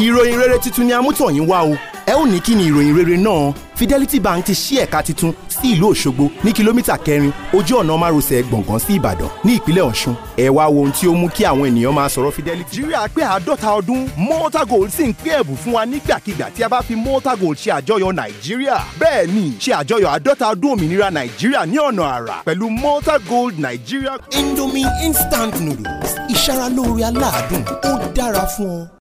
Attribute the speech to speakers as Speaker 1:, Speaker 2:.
Speaker 1: ìròyìn rere tuntun ni amútọ̀yìn wá o ẹ ó ní kí ni ìròyìn rere náà Fidelity Bank ti ṣí ẹ̀ka tuntun sí ìlú Òṣogbo ní kìlómítà kẹrin ojú ọ̀nà márosẹ̀ gbọ̀ngàn sí Ìbàdàn ní ìpínlẹ̀ Ọ̀ṣun ẹ wá wo ohun tí ó mú kí àwọn ènìyàn máa sọ̀rọ̀ Fidelity. Nàìjíríà pé àádọ́ta ọdún Malta Gold sì ń pín ẹ̀bùn fún wa nígbàkigbà tí a bá fi Malta Gold ṣe àjọyọ̀ Nàìjíríà bẹ́ẹ̀ ni ṣe àjọyọ̀ àádọ́ta ọdún òmìnira Nàìjíríà ní ọ̀nà àrà pẹ̀lú Malta Gold Nàìjíríà. Indomie instant noodles ìṣaralóore aláàdùn ó dára fún ọ.